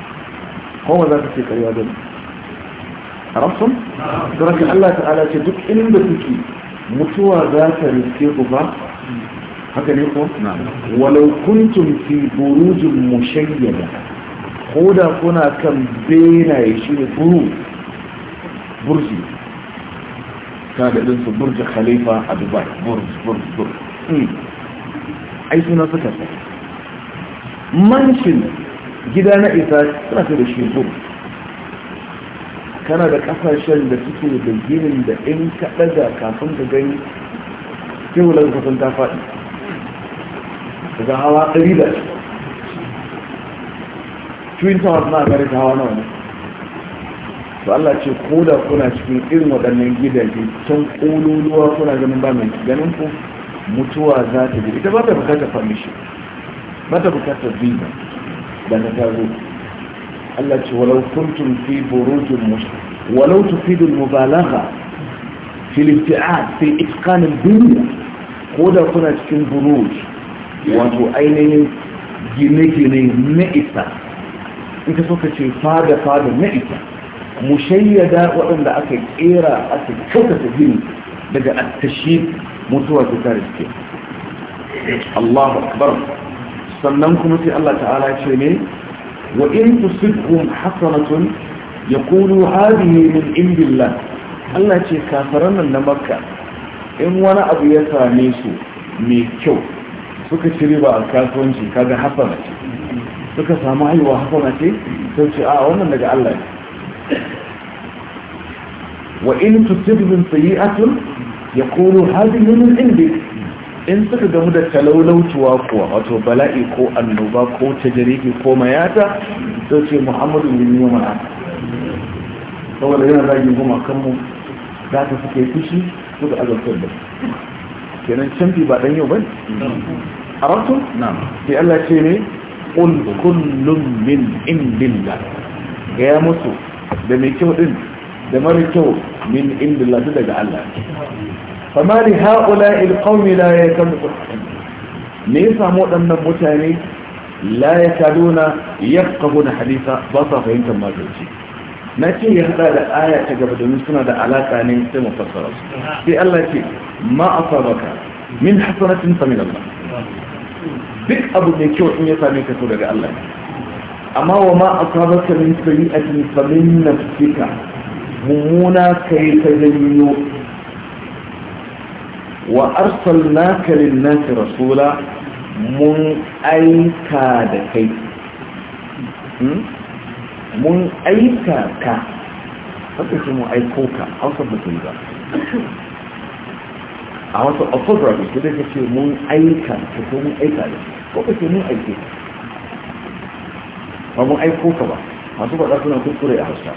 A: kowa za ka ce karewa da arabsun? sarakin Allah ta'ala ce duk inda kuke mutuwa za ta riske ku ba haka ne ko? walau kuntum fi burujin mushayyada ko da kuna kan benaye shi ne buru burji ta da irin su burji khalifa a dubai burji burji burji hmm. ai suna suka sa manshin gida na isa suna ta da shi burji kana da kasashen da suke da ginin da in ka ɗaga kafin ka gani sai da kusan ta faɗi daga hawa ɗari da twin towers na america hawa na wani to Allah ce ko da kuna cikin irin waɗannan gidaje can ƙololuwa kuna ganin ba mai ganin ku mutuwa za ta je ita ba ta bukatar permission ba ta bukatar visa da na tazo Allah ce walau kuntum fi burujin mush walau tufidu mubalagha fi al-ibti'ad fi itqan al-dunya ko da kuna cikin buruj wato ainihin gine-gine na isa in ka so ka ce fada-fada na isa mushayyada waɗanda aka kera aka kyautata gini daga attashi mutuwa ta tare suke Allahu akbar sannan kuma sai Allah ta'ala ce ne wa in tusibhum hasanatun yaqulu hadhihi min indillah Allah ce kafaran nan na Makka in wani abu ya same su mai kyau suka ci riba a kasuwanci kaga hasana ce suka samu haihuwa hasana ce sai ce a wannan daga Allah ne وإن تصبهم سيئة يقول هذه من عندك in suka gamu da talaulautuwa kuwa wato bala'i ko annoba ko tajirifi ko mayata sai muhammadu bin yi mana saboda yana zagi goma kanmu za ta suke fushi suka azabtar da kenan canfi ba dan yau ba a rasu sai allah ce ne ƙul kullum min indillah gaya musu da mai kyau din da mara kyau min inda lafi daga Allah fama li haƙula ilƙaumi la kan me ya samu waɗannan mutane la ya kaduna ya na hadisa ba sa fahimtar magance na ce ya haɗa da aya ta gaba domin suna da alaka ne sai mafassara su sai Allah ce ma asabaka min hasanatin fa Allah duk abu mai kyau in ya same ka daga Allah ne amma wa ma asabaka min sayyi'atin fa na nafsika mummuna
C: kai ta janyo
A: wa arsalnaka na nasi rasula mun aika da kai hmm? mun aika ka haka ce mun aiko ka hausa ba da yi ba a wasu ofisar da ke ce mun aika ka ko mun aika da ko ka ce mun aike ka ba mun aiko ka ba masu faɗa suna kuskure a hausa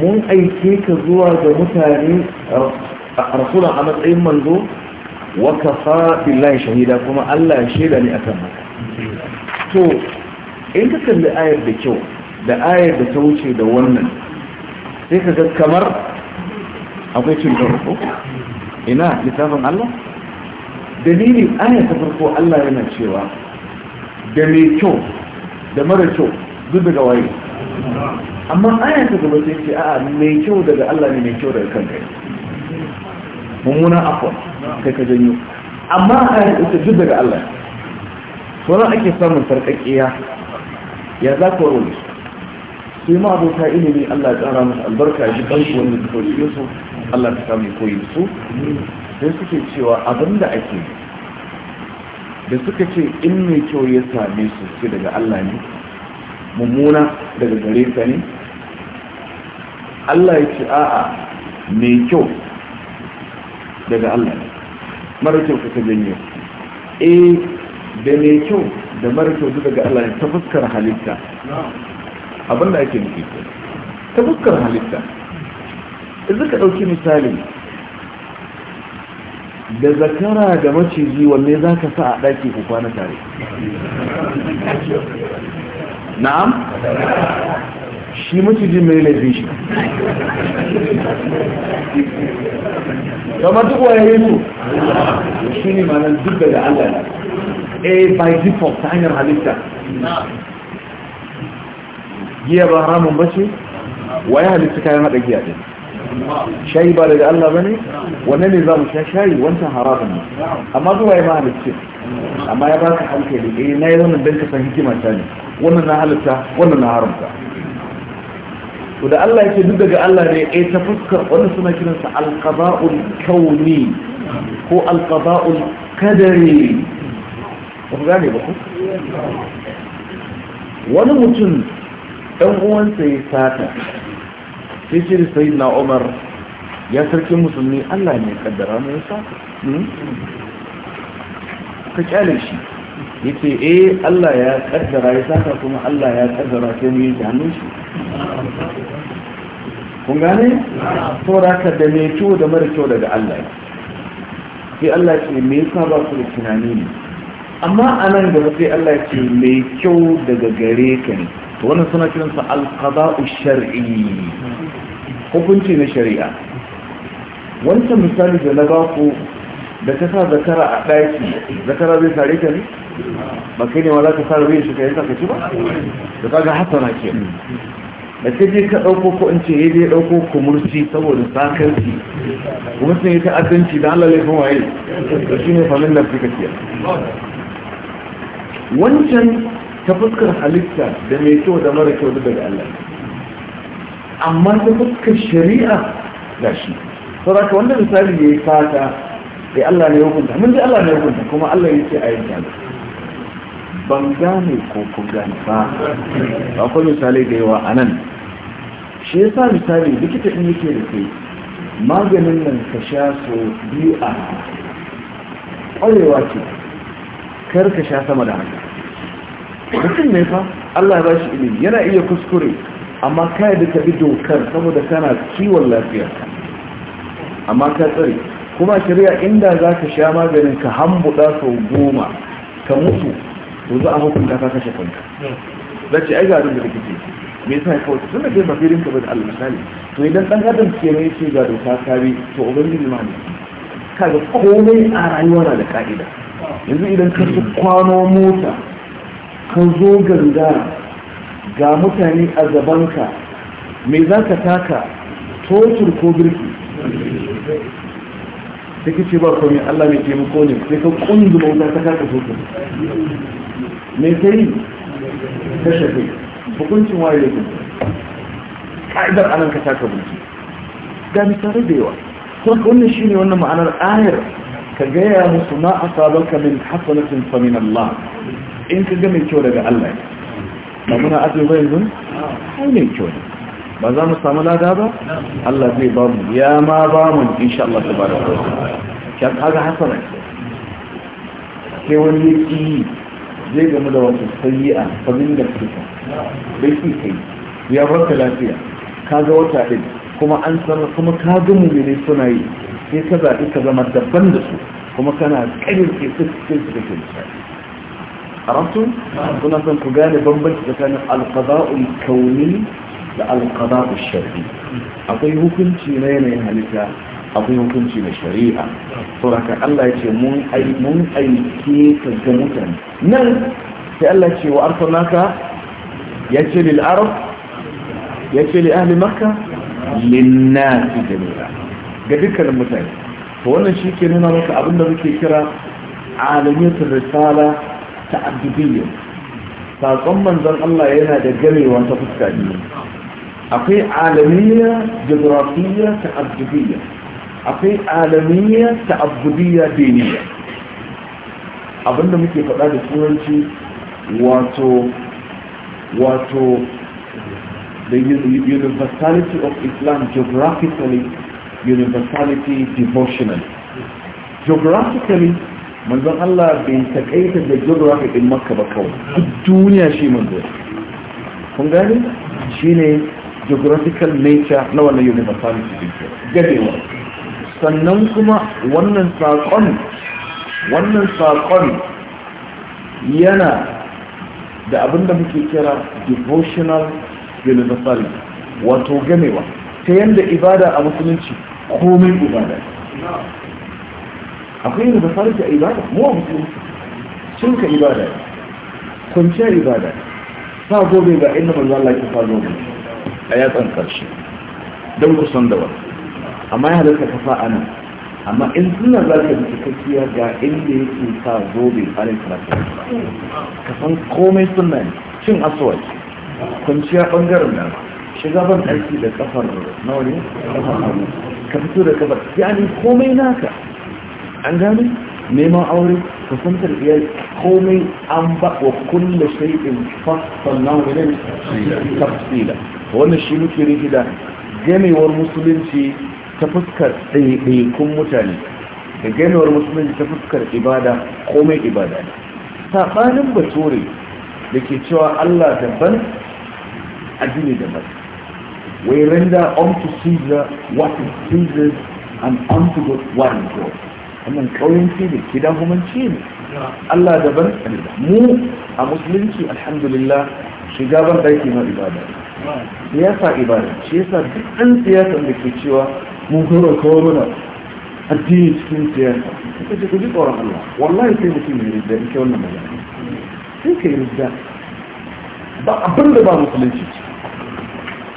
A: mun aike ka zuwa ga mutane a rasulan a matsayin manzo wa kafa billahi shahida kuma Allah ya shaida ne akan haka to in ka kalli ayar da kyau da ayar da ta wuce da wannan sai ka ga kamar akwai cin ko? ina littafin Allah dalilin ayar ta farko Allah yana cewa da mai kyau da mara kyau duk daga waye amma aya ta gaba sai ce a'a mai kyau daga Allah ne mai kyau daga kanka mummuna afwa kai ka janyo amma aya ta duk daga Allah sauran ake samun sarƙaƙiya ya za ku waro sai ma ta ilimi Allah ya tsara musu albarka ji ɗansu wanda suka wuce su Allah ta samu koyi su sai suke cewa abinda ake yi da suka ce in mai kyau ya same su sai daga Allah ne mummuna daga gare ta ne Allah ya ce a'a mai kyau daga Allah ne mara kyau ka janyo eh da mai kyau da mara kyau duk daga Allah ne ta fuskar halitta abin da ake nufi ta fuskar halitta idan ka ɗauki misali da zakara da maciji wanne za ka sa a ɗaki ku kwana tare na'am shi maciji mai laifin shi
B: Kamar duk waye yi su shi ne ma nan duk daga allah
A: a eh, by default ta hanyar halitta giya ba haramun bace waye halitta kayan haɗa giya ɗin shayi ba daga Allah bane wannan ne za mu sha shayi wancan haramun ne amma zuwa ya ma halicci amma ya ba baka hankali eh na yi zama dan ka san hikima ta ne wannan na halitta wannan na haramta to da Allah yake duk daga Allah ne ya eh, ta fuskar wannan suna kiransa alqaba'ul kauni ko alqaba'ul kadari ba ku gane ba ku wani mutum ɗan uwansa ya sata sai ce da sai na umar ya sarki musulmi allah ne kaddara mai sa hmm? ka kyale shi ya ce eh allah ya kaddara ya saka kuma allah ya kaddara sai mu yi jami'in shi kun gane? tora ka da mai kyau da mara kyau daga allah sai allah ce me yasa ba su da tunani ne amma a nan gaba sai allah ce mai kyau daga gare ka ne wannan suna kiransa alqada'u shar'i hukunci na shari'a wancan misali da na ku da ka sa zakara a ɗaki zakara zai sare ka ne ba kai ne ma za ka sa rabin shi ka yanka ka ci ba da ka kaga hasana ke da ka je ka ɗauko ko in ce ya je ɗauko kumurci saboda sakarci kuma sun yi ta'addanci da Allah laifin waye da shi ne famin lafi ka kiyar wancan ta fuskar halitta da mai kyau da mara kyau daga Allah amma ta fuskar shari'a ga shi saboda wanda misali ya yi fata ya Allah ne hukunta mun ji Allah ne hukunta kuma Allah ya ce a yi kyale ban gane ko ku gane ba akwai misali da yawa a nan shi ya sa misali likita in yake da kai maganin nan ka sha so biyu a ƙwarewa ce kar ka sha sama da haka mutum ne fa Allah ya ba shi ilimi yana iya kuskure amma ka yadda ta bi dokar saboda kana kiwon lafiya amma ka tsare kuma shari'a inda za ka sha maganin ka hambuɗa sau goma ka mutu to za a hukunta ka kashe kanka za ce ai ga abin da rikici me sai kawai tun da kai ba firin ka bada alal misali to idan dan adam ke ne ce ga doka kare to ubangiji ma ne ga komai a rayuwa na da ka'ida yanzu idan ka kwano mota ka zo ganga ga mutane a gabanka mai za ka taka totur ko birki da ce ba kome allah mai taimako ne sai ka kundu mauta ta taka totur mai ta yi ta shafi hukuncin waye da kuma anan ka taka birki ga misali da yawa kuma wannan shi ne wannan ma'anar ayar ka gaya musu ma a ka min hasanatin famin allah in ka ga mai kyau daga Allah ba muna azumi ba yanzu ai mai kyau ne ba za mu samu lada ba Allah zai ba mu ya ma ba mu insha Allah tabaraka wa ta'ala kan kaga hasana sai wani yaki zai gamu da wasu sayi'a fadin da suka bai su kai ya barka lafiya Ka ga wata ɗin kuma an san kuma ka ga mu ne suna yi sai ka zaɓi ka zama daban da su kuma kana ƙarin ke su ke su arabtun suna son ku gane bambanci tsakanin alqada'ul kauni da alqada'ul shar'i akwai hukunci na yanayin halitta akwai hukunci na shari'a saboda Allah ya ce mun aiki mun aike ka ga mutane nan sai Allah ce wa naka? ya ce lil arab ya ce li ahli makka lin nasi jami'a ga dukkanin mutane to wannan shi ke nuna maka abinda muke kira alamiyatul risala ta'addudiyya saƙon manzon Allah yana da gamewa ta fuska biyu akwai alamiyya geografiyya ta'addudiyya akwai alamiyya ta'addudiyya diniya abinda muke faɗa da turanci wato wato the universality of Islam geographically universality devotionally geographically manzon Allah bai takaita da geography din makka ba kawai duniya shi manzo kun gani ne geographical nature na wannan universality din gadewa sannan kuma wannan saƙon wannan saƙon yana da abinda muke kira devotional universality wato gamewa ta yadda ibada a musulunci komai ibada akwai yin zafar da ibada mu mutum musulmi ka ibada kwanciyar ibada sa gobe ga inda manzo Allah ya fara gobe a yatsan karshe don ku san da wani amma ya halarta kafa a nan amma in suna za ka bi cikakkiya ga inda yake sa gobe alai karatu ka san komai suna ne cin asuwa kwanciya bangaren nan shiga ban aiki da kafar nawa ne ka fito da kafar yani komai naka an gane neman aure kusantar iyal komai an ba wa kulle shay'in fassalnahu min tafsila wannan shi muke nufi da gamewar musulunci ta fuskar ɗaiɗaikun mutane da ganewar musulunci ta fuskar ibada komai ibada ne saɓanin bature da ke cewa allah daban addini daban we render unto caesar what is caesar's and unto god what is god wannan ƙauyanci ne kidan hukunci ne Allah daban mu a musulunci alhamdulillah shiga ban ɗaki ma ibada siyasa ibada shi yasa duk an siyasa da ke cewa mun kawo kawo mana addini cikin siyasa suka ce ku ji tsoron Allah wallahi sai mutum ya rinda ita wannan magana sai ka yi rinda ba abin da ba musulunci ce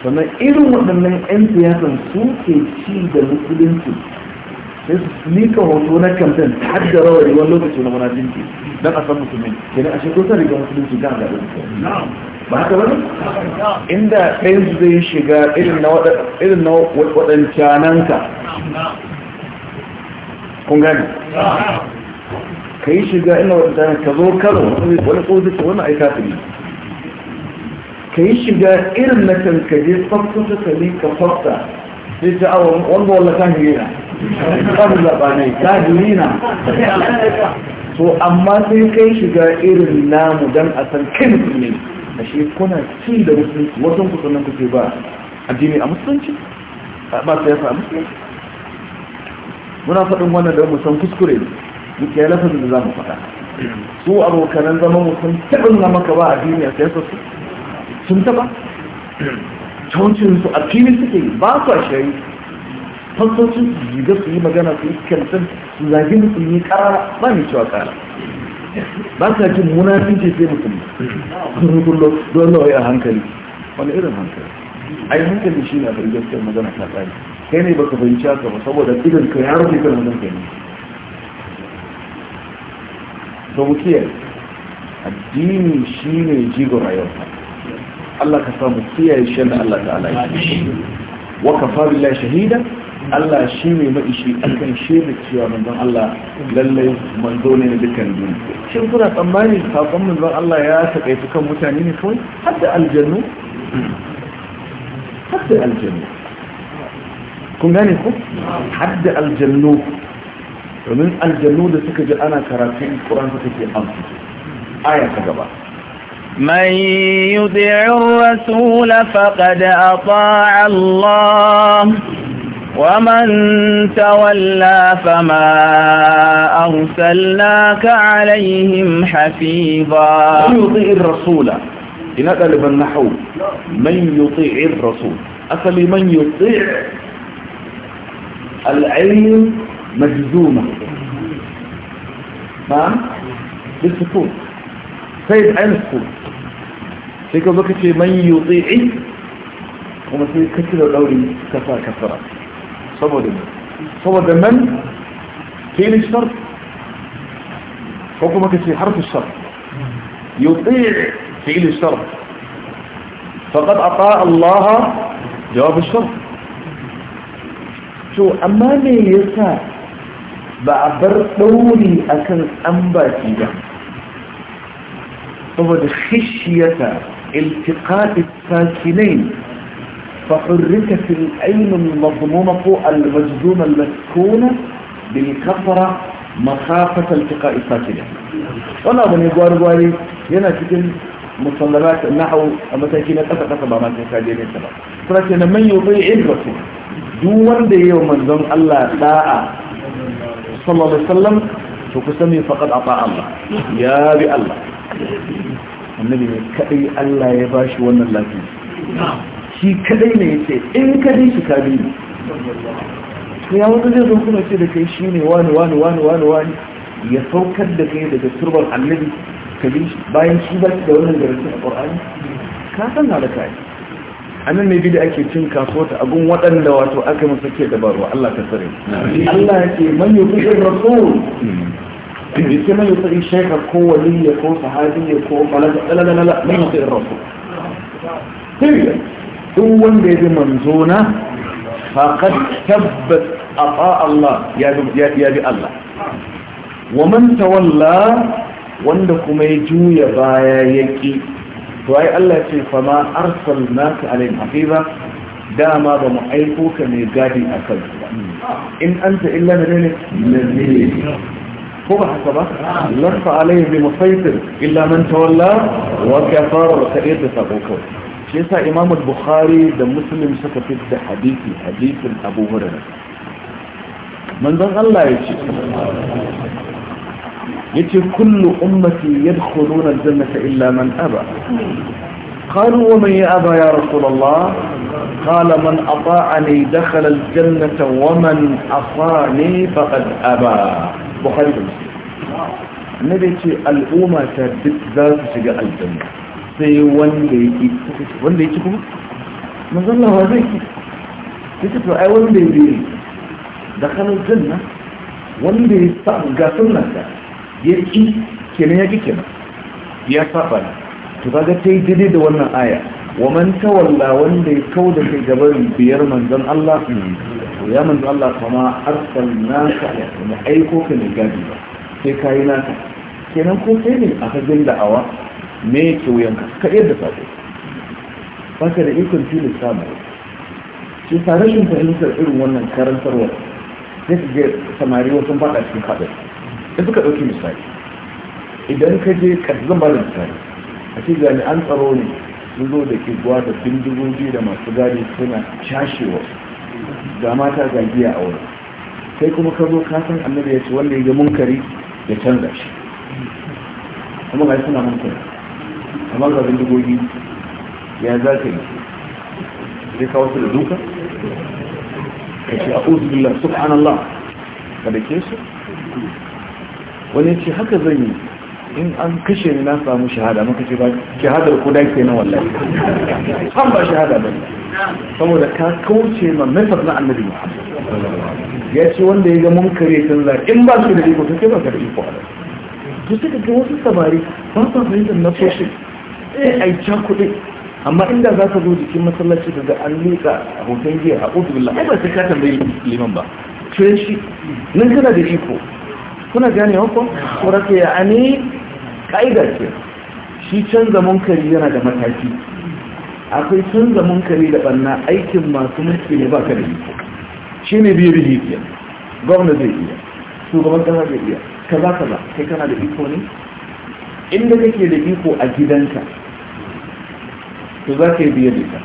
A: sannan irin waɗannan 'yan siyasan su ke ci da musulunci sai su nika hoto na kamfen har da rawari wani lokaci na munafinci don a san musulmi kenan a shekaru riga musulunci kan gaɗin ba haka ba bane inda ɗayan zai shiga irin na waɗancananka kun gani ka yi shiga ina waɗancananka ka zo karo wani ƙozuta wani aika fi ka yi shiga irin na kankaje tsaftace ka ne ka fafta sai ta awon wanda wallata hira to amma sai kai shiga irin namu don a san kai musulmi a shi kuna ci da musulunci wasan nan kuke ba a jini a musulunci ba su yasa a musulunci muna faɗin wannan da musan kuskure muke ya lafazin da za mu faɗa su abokanan zama musan taɓin na maka ba a jini a sayasa su sun taɓa cancin su a fili suke ba su a shari'a fassocin su yi jiga su yi magana su iskantar su zagi yi karara ba ne cewa kara ba sa jin munafinci sai musulmi sun rukullo don lawai a hankali wani irin hankali ai hankali shi ne na bari gaskiyar magana ta tsari kai ne baka fahimci haka ba saboda idan ka ya rufe kan wannan kai ne to mukiyar addini ne jigon rayuwa Allah ka samu kiyaye shi da Allah ta'ala ya wa kafa billahi shahida Allah shi ne maishi akan shirin cewa manzon Allah lallai manzo ne na dukkan duniya shin kuna tsammani sakon manzon Allah ya takaitu kan mutane ne kawai hadda aljannu hadda aljannu kun gane ku hadda aljannu domin aljannu da suka ji ana karatun Qur'an suka ke amsa aya ta gaba
C: من يطع الرسول فقد أطاع الله ومن تولى فما أرسلناك عليهم حفيظا من يطيع الرسول
A: إن أقلب النحو من يطيع الرسول أصلي من يطيع العلم مجزومة ما؟ نعم؟ بالسكون سيد عين السكون فيك وقت من يطيع ومثل كثير الأولي كفا كفرات صبغة دم صبغة دمان فين الشرط حكمك في حرف الشرط يطيع فعل الشرط فقد أطاع الله جواب الشرط شو أمامي يسا بعبر دولي أكن أنبا تيجا فهو الخشية التقاء الساكنين فحركت العين المضمونة المجزومة المسكونة بالكفرة مخافة التقاء ساكنة وانا ابن يقول قواري ينا تكن مصنبات نحو المساكين الأسا قصبا ما تكادين السبا فلكن من يطيع الرسول دون دي يوم الزم الله داء صلى الله عليه وسلم فكسمي فقد أطاع الله يا بي الله النبي كأي الله يباشي وانا الله فيه shi kadai ne ya ce, in ka bi shi ka bi to ya wanda zai zo kuma ce da kai shine wani wani wani wani wani ya saukar da kai daga turban annabi ka shi bayan shi ba da wannan garantin a qur'ani ka san halaka A nan ne bidi ake cin kaso ta agun waɗanda wato aka masa ke dabarwa Allah ka tsare Allah ya ce man yuqir rasul yake mai yuqir shaika ko waliya ko sahabi ko malaka la la la la man yuqir rasul duk wanda ya bi manzo na faqad tabbat ata Allah ya bi Allah wa man tawalla wanda kuma ya juya baya yaki to ai Allah ce fa ma arsalnaka alaihim hafiza dama ba mu aiko ka mai gadi a kan in anta illa menene nazir ko ba haka ba lafa alaihi bi musaitir illa man tawalla wa kafara ka iya ta kawai شيسا إمام البخاري دا مسلم سكفت دا حديث الحديث الأبو هرنة من ذا غلا يتشي يتشي كل أمتي يدخلون الجنة إلا من أبى قالوا ومن يأبى يا رسول الله قال من أطاعني دخل الجنة ومن أصاني فقد أبى بخاري دا مسلم نبيتي الأمة تدت ذات الجنة sai wanda yake wanda yake kuma manzon Allah zai ki sai to ai wanda yake da kanin janna wanda ya sa ga sunnan da ya ki kenan ya ki kenan ya saba to kaga ta yi daidai da wannan aya wa man tawalla wanda ya kau da kai gaban biyar manzon Allah ya manzon Allah kuma arsalna ka ya aiko ka ne gadi ba sai kai naka kenan ko sai ne a fagen da'awa me ke wuyan ka yadda sako ba ka da ikon filin samu shi sa rashin fahimtar irin wannan karantarwar ne su je samari wasu faɗa cikin haɗin da suka ɗauki misali idan ka je zan ba da misali a ce jami'an tsaro ne sun zo da ke guwa da bindigogi da masu gadi suna cashewa ga mata ga giya a wurin sai kuma ka zo ka san annabi ya ce wanda ya ga munkari ya canza shi kuma ga suna munkari amma ga bindigogi ya za ka yi zai kawo su da duka ka ce a ƙudu billah subhanallah ka da ke su wani ce haka zan yi in an kashe ni na samu shahada maka ce ba shahadar kuda ke na wallahi an ba shahada ba saboda ka kauce ma mefas na annabi ya ce wanda ya ga munkare sun zai in ba su da iko sun ce ba ka da iko a da su suka ga wasu sabari ba sa fahimtar na sosai
C: sai a yi can kuɗi
A: amma inda za ka zo jikin masallaci daga an liƙa a hoton giya a billa ai ba sai ka tambayi liman ba cire shi nan kana da iko kuna gane hukun kuma ka ya ne ƙa'ida ce shi canza kari yana da mataki akwai canza kari da ɓanna aikin masu mulki ne ba ka da iko shi ne biyu biyu iya gwamna zai iya shugaban kasa zai iya kaza kaza kai kana da iko ne inda kake da iko a gidanka to za ka yi biyar da ita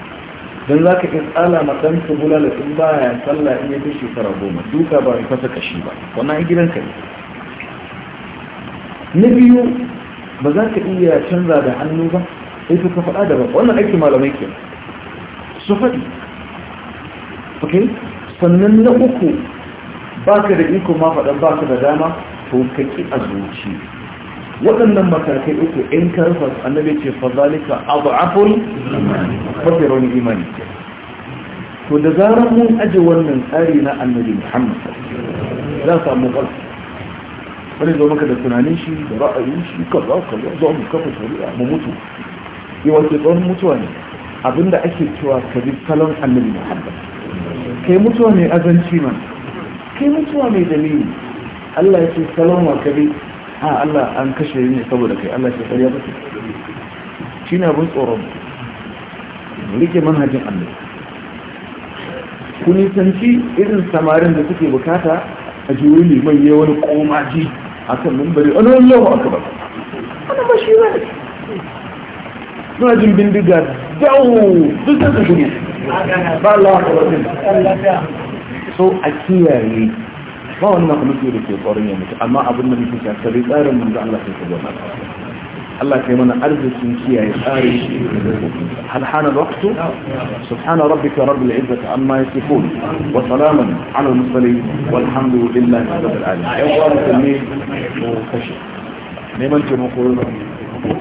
A: don za ka iya tsala matan su bulala in ba ya tsalla in ya shekara goma duka ba ya fasa kashi ba wannan gidan ka ne na biyu ba za ka iya canza da hannu ba sai ka faɗa da ba wannan aiki malamai ke su faɗi ok sannan na uku ba ka da iko ma faɗan ba ka da dama to ka ƙi a zuci waɗannan matakai uku in ka rufa su annabi ce fa zalika ad'aful fadirul imani to da zarar mun aje wannan tsari na annabi Muhammad za samu ƙarfi wani zo maka da tunanin shi da ra'ayin shi kaza kaza zo mu kafa shari'a mu mutu yawanci tsawon mutuwa ne abinda ake cewa ka bi salon annabi Muhammad kai mutuwa ne azanci man kai mutuwa mai dalili Allah ya ce salon wa kabi a Allah an kashe ne saboda kai Allah shi kariya bace shi na bin tsoron rike manhajin annabi ku nisanci irin samarin da kuke bukata a juyi ne ya wani komaji a kan mimbari a wani lawa aka ba
B: wani ba shi ba ne
A: suna jin bindiga dawo duk da su ba Allah aka ba so a kiyaye ba wannan kwamiti da ke tsoron ya mutu amma abin da muke shafta bai tsarin manzo Allah sai ka gwamna Allah kai mana arzikin kiyaye tsarin shi hal hana waqtu subhana rabbika rabbil izzati amma yasifun wa salaman ala al mursalin walhamdulillahi rabbil alamin ayan wa musulmi ko kashi neman taimako